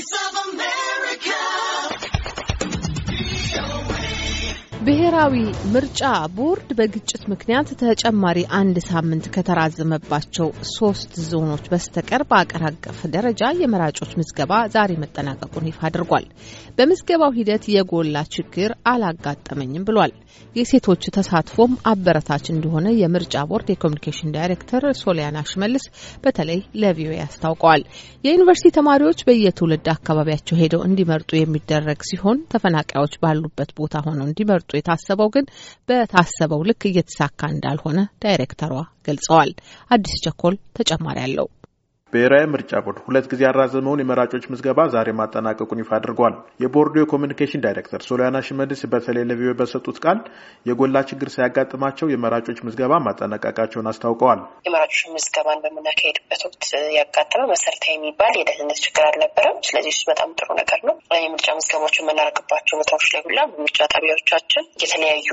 Voice of America ብሔራዊ ምርጫ ቦርድ በግጭት ምክንያት ተጨማሪ አንድ ሳምንት ከተራዘመባቸው ሶስት ዞኖች በስተቀር በአገር አቀፍ ደረጃ የመራጮች ምዝገባ ዛሬ መጠናቀቁን ይፋ አድርጓል። በምዝገባው ሂደት የጎላ ችግር አላጋጠመኝም ብሏል። የሴቶች ተሳትፎም አበረታች እንደሆነ የምርጫ ቦርድ የኮሚኒኬሽን ዳይሬክተር ሶሊያና ሽመልስ በተለይ ለቪኦኤ አስታውቀዋል። የዩኒቨርሲቲ ተማሪዎች በየትውልድ አካባቢያቸው ሄደው እንዲመርጡ የሚደረግ ሲሆን ተፈናቃዮች ባሉበት ቦታ ሆነው እንዲመርጡ የታ የታሰበው ግን በታሰበው ልክ እየተሳካ እንዳልሆነ ዳይሬክተሯ ገልጸዋል። አዲስ ቸኮል ተጨማሪ አለው። ብሔራዊ ምርጫ ቦርድ ሁለት ጊዜ ያራዘመውን የመራጮች ምዝገባ ዛሬ ማጠናቀቁን ይፋ አድርጓል። የቦርዱ የኮሚኒኬሽን ዳይሬክተር ሶሊያና ሽመልስ በተለይ ለቪኦኤ በሰጡት ቃል የጎላ ችግር ሳያጋጥማቸው የመራጮች ምዝገባ ማጠናቀቃቸውን አስታውቀዋል። የመራጮች ምዝገባን በምናካሄድበት ወቅት ያጋጠመ መሰረታዊ የሚባል የደህንነት ችግር አልነበረም። ስለዚህ እሱ በጣም ጥሩ ነገር ነው። የምርጫ ምዝገባዎች የምናደርግባቸው ቦታዎች ላይ ሁላ ጣቢያዎቻችን የተለያዩ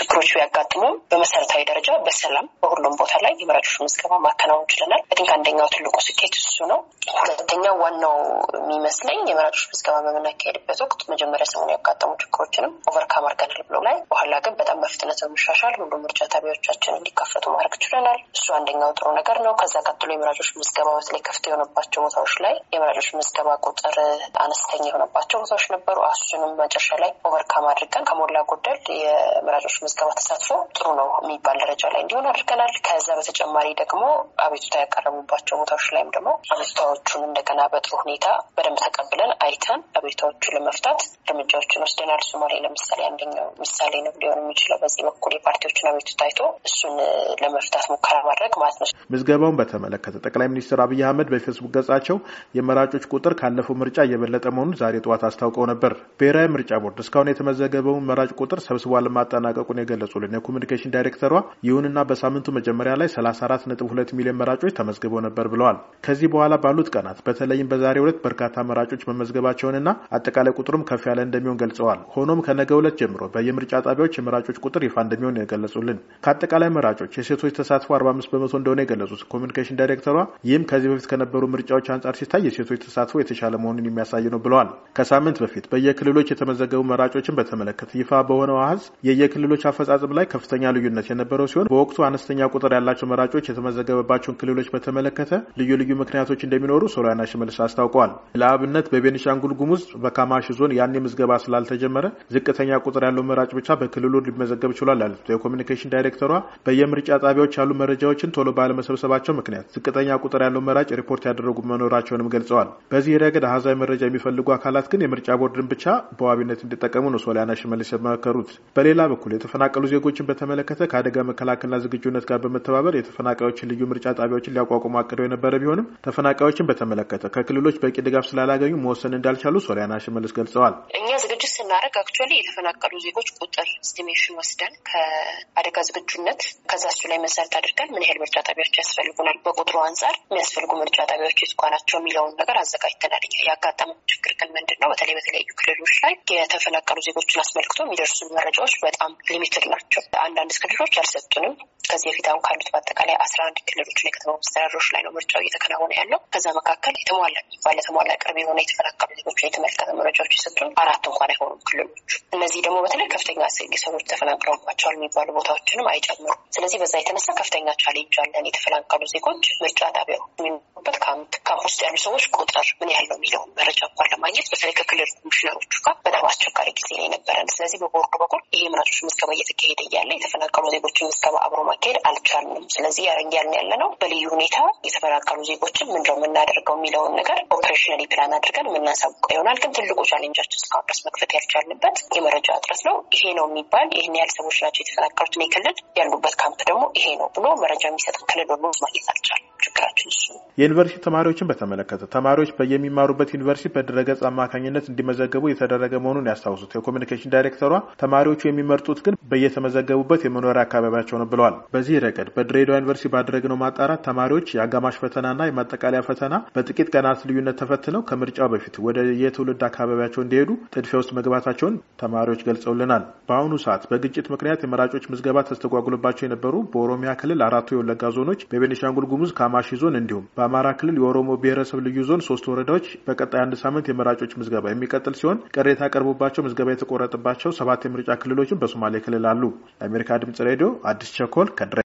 ችግሮች ቢያጋጥሙም በመሰረታዊ ደረጃ በሰላም በሁሉም ቦታ ላይ የመራጮች ምዝገባ ማከናወን ችለናል። ከአንደኛው ትልቁ ስኬት ስኬት እሱ ነው። ሁለተኛው ዋናው የሚመስለኝ የመራጮች ምዝገባ በምናካሄድበት ወቅት መጀመሪያ ሰሞኑን ያጋጠሙ ችግሮችንም ኦቨርካም አድርገናል ብሎ ላይ በኋላ ግን በጣም በፍጥነት በመሻሻል ሁሉም ምርጫ ጣቢያዎቻችን እንዲከፈቱ ማድረግ ችለናል። እሱ አንደኛው ጥሩ ነገር ነው። ከዛ ቀጥሎ የመራጮች ምዝገባ በተለይ ክፍት የሆነባቸው ቦታዎች ላይ የመራጮች ምዝገባ ቁጥር አነስተኛ የሆነባቸው ቦታዎች ነበሩ። እሱንም መጨረሻ ላይ ኦቨርካም አድርገን ከሞላ ጎደል የመራጮች ምዝገባ ተሳትፎ ጥሩ ነው የሚባል ደረጃ ላይ እንዲሆን አድርገናል። ከዛ በተጨማሪ ደግሞ አቤቱታ ያቀረቡባቸው ቦታዎች ላይ ደግሞ አቤቱታዎቹን እንደገና በጥሩ ሁኔታ በደንብ ተቀብለን አይተን አቤቱታዎቹን ለመፍታት እርምጃዎችን ወስደናል። ሶማሌ ለምሳሌ አንደኛው ምሳሌ ነው ሊሆን የሚችለው። በዚህ በኩል የፓርቲዎችን አቤቱታ አይቶ እሱን ለመፍታት ሙከራ ማድረግ ማለት ነው። ምዝገባውን በተመለከተ ጠቅላይ ሚኒስትር አብይ አህመድ በፌስቡክ ገጻቸው የመራጮች ቁጥር ካለፈው ምርጫ እየበለጠ መሆኑን ዛሬ ጠዋት አስታውቀው ነበር። ብሔራዊ ምርጫ ቦርድ እስካሁን የተመዘገበውን መራጭ ቁጥር ሰብስቧ ለማጠናቀቁን የገለጹልን የኮሚኒኬሽን ዳይሬክተሯ፣ ይሁንና በሳምንቱ መጀመሪያ ላይ 34.2 ሚሊዮን መራጮች ተመዝግበው ነበር ብለዋል። ከዚህ በኋላ ባሉት ቀናት በተለይም በዛሬው ዕለት በርካታ መራጮች መመዝገባቸውንና አጠቃላይ ቁጥሩም ከፍ ያለ እንደሚሆን ገልጸዋል። ሆኖም ከነገ ዕለት ጀምሮ በየምርጫ ጣቢያዎች የመራጮች ቁጥር ይፋ እንደሚሆን የገለጹልን ከአጠቃላይ መራጮች የሴቶች ተሳትፎ 45 በመቶ እንደሆነ የገለጹት ኮሚኒኬሽን ዳይሬክተሯ ይህም ከዚህ በፊት ከነበሩ ምርጫዎች አንጻር ሲታይ የሴቶች ተሳትፎ የተሻለ መሆኑን የሚያሳይ ነው ብለዋል። ከሳምንት በፊት በየክልሎች የተመዘገቡ መራጮችን በተመለከተ ይፋ በሆነው አሀዝ የየክልሎች አፈጻጽም ላይ ከፍተኛ ልዩነት የነበረው ሲሆን በወቅቱ አነስተኛ ቁጥር ያላቸው መራጮች የተመዘገበባቸውን ክልሎች በተመለከተ ልዩ ልዩ ልዩ ምክንያቶች እንደሚኖሩ ሶሊያና ሽመልስ አስታውቀዋል። ለአብነት በቤኒሻንጉል ጉሙዝ በካማሽ ዞን ያኔ ምዝገባ ስላልተጀመረ ዝቅተኛ ቁጥር ያለው መራጭ ብቻ በክልሉ ሊመዘገብ ችሏል ያሉት የኮሚኒኬሽን ዳይሬክተሯ በየምርጫ ጣቢያዎች ያሉ መረጃዎችን ቶሎ ባለመሰብሰባቸው ምክንያት ዝቅተኛ ቁጥር ያለው መራጭ ሪፖርት ያደረጉ መኖራቸውንም ገልጸዋል። በዚህ ረገድ አሃዛዊ መረጃ የሚፈልጉ አካላት ግን የምርጫ ቦርድን ብቻ በዋቢነት እንዲጠቀሙ ነው ሶሊያና ሽመልስ የመከሩት። በሌላ በኩል የተፈናቀሉ ዜጎችን በተመለከተ ከአደጋ መከላከልና ዝግጁነት ጋር በመተባበር የተፈናቃዮችን ልዩ ምርጫ ጣቢያዎችን ሊያቋቁሙ አቅደው የነበረ ቢሆንም ቢሆንም ተፈናቃዮችን በተመለከተ ከክልሎች በቂ ድጋፍ ስላላገኙ መወሰን እንዳልቻሉ ሶሊያና ሽመልስ ገልጸዋል። እኛ ዝግጅት ስናደርግ አክቹዋሊ የተፈናቀሉ ዜጎች ቁጥር ስቲሜሽን ወስደን ከአደጋ ዝግጁነት ከዛ እሱ ላይ መሰረት አድርገን ምን ያህል ምርጫ ጣቢያዎች ያስፈልጉናል፣ በቁጥሩ አንጻር የሚያስፈልጉ ምርጫ ጣቢያዎች የቱ ናቸው የሚለውን ነገር አዘጋጅተናል። ያጋጠመው ችግር ግን ምንድን ነው? በተለይ በተለያዩ ክልሎች ላይ የተፈናቀሉ ዜጎችን አስመልክቶ የሚደርሱ መረጃዎች በጣም ሊሚትድ ናቸው። አንዳንድ ክልሎች አልሰጡንም። ከዚህ በፊት አሁን ካሉት በአጠቃላይ አስራ አንድ ክልሎች ላይ ከተማ መስተዳድሮች ላይ ነው ምርጫው እየተከናወ እየተከናወነ ያለው። ከዛ መካከል የተሟላ የሚባል ለተሟላ ቅርብ የሆነ የተፈናቀሉ ዜጎች የተመለከተ መረጃዎች የሰጡን አራት እንኳን አይሆኑም ክልሎች። እነዚህ ደግሞ በተለይ ከፍተኛ አሰጊ ሰዎች ተፈናቅለባቸዋል የሚባሉ ቦታዎችንም አይጨምሩም። ስለዚህ በዛ የተነሳ ከፍተኛ ቻሌንጅ አለን። የተፈናቀሉ ዜጎች ምርጫ ጣቢያው የሚኖሩበት ካምፕ ካምፕ ውስጥ ያሉ ሰዎች ቁጥር ምን ያለው የሚለውን መረጃ እንኳን ለማግኘት በተለይ ከክልል ኮሚሽነሮቹ ጋር በጣም አስቸጋሪ ጊዜ ነው የነበረን። ስለዚህ በቦርዱ በኩል ይሄ መራጮች ምዝገባ እየተካሄደ እያለ የተፈናቀሉ ዜጎችን ምዝገባ አብሮ ማካሄድ አልቻልንም። ስለዚህ ያረንግ ያልን ያለ ነው በልዩ ሁኔታ የተፈናቀሉ ዜጎች ዜጎችን ምንድነው የምናደርገው የሚለውን ነገር ኦፕሬሽናሊ ፕላን አድርገን የምናሳውቀ ይሆናል። ግን ትልቁ ቻሌንጃችን እስካሁን ድረስ መክፈት ያልቻልንበት የመረጃ እጥረት ነው። ይሄ ነው የሚባል ይህን ያህል ሰዎች ናቸው የተፈናቀሉት፣ እኔ ክልል ያሉበት ካምፕ ደግሞ ይሄ ነው ብሎ መረጃ የሚሰጥ ክልል ሁሉ ማግኘት አልቻለም። የሚጠይቃቸው እሱ። የዩኒቨርሲቲ ተማሪዎችን በተመለከተ ተማሪዎች በየሚማሩበት ዩኒቨርሲቲ በድረገጽ አማካኝነት እንዲመዘገቡ የተደረገ መሆኑን ያስታውሱት የኮሚኒኬሽን ዳይሬክተሯ ተማሪዎቹ የሚመርጡት ግን በየተመዘገቡበት የመኖሪያ አካባቢያቸው ነው ብለዋል። በዚህ ረገድ በድሬዳዋ ዩኒቨርሲቲ ባደረግነው ማጣራት ተማሪዎች የአጋማሽ ፈተናና የማጠቃለያ ፈተና በጥቂት ቀናት ልዩነት ተፈትነው ከምርጫው በፊት ወደ የትውልድ አካባቢያቸው እንዲሄዱ ጥድፊያ ውስጥ መግባታቸውን ተማሪዎች ገልጸውልናል። በአሁኑ ሰዓት በግጭት ምክንያት የመራጮች ምዝገባ ተስተጓጉሎባቸው የነበሩ በኦሮሚያ ክልል አራቱ የወለጋ ዞኖች፣ በቤኒሻንጉል ጉሙዝ ካማሺ ዞን እንዲሁም በአማራ ክልል የኦሮሞ ብሔረሰብ ልዩ ዞን ሶስት ወረዳዎች በቀጣይ አንድ ሳምንት የመራጮች ምዝገባ የሚቀጥል ሲሆን ቅሬታ ቀርቦባቸው ምዝገባ የተቆረጠባቸው ሰባት የምርጫ ክልሎችን በሶማሌ ክልል አሉ። ለአሜሪካ ድምጽ ሬዲዮ አዲስ ቸኮል ከድረ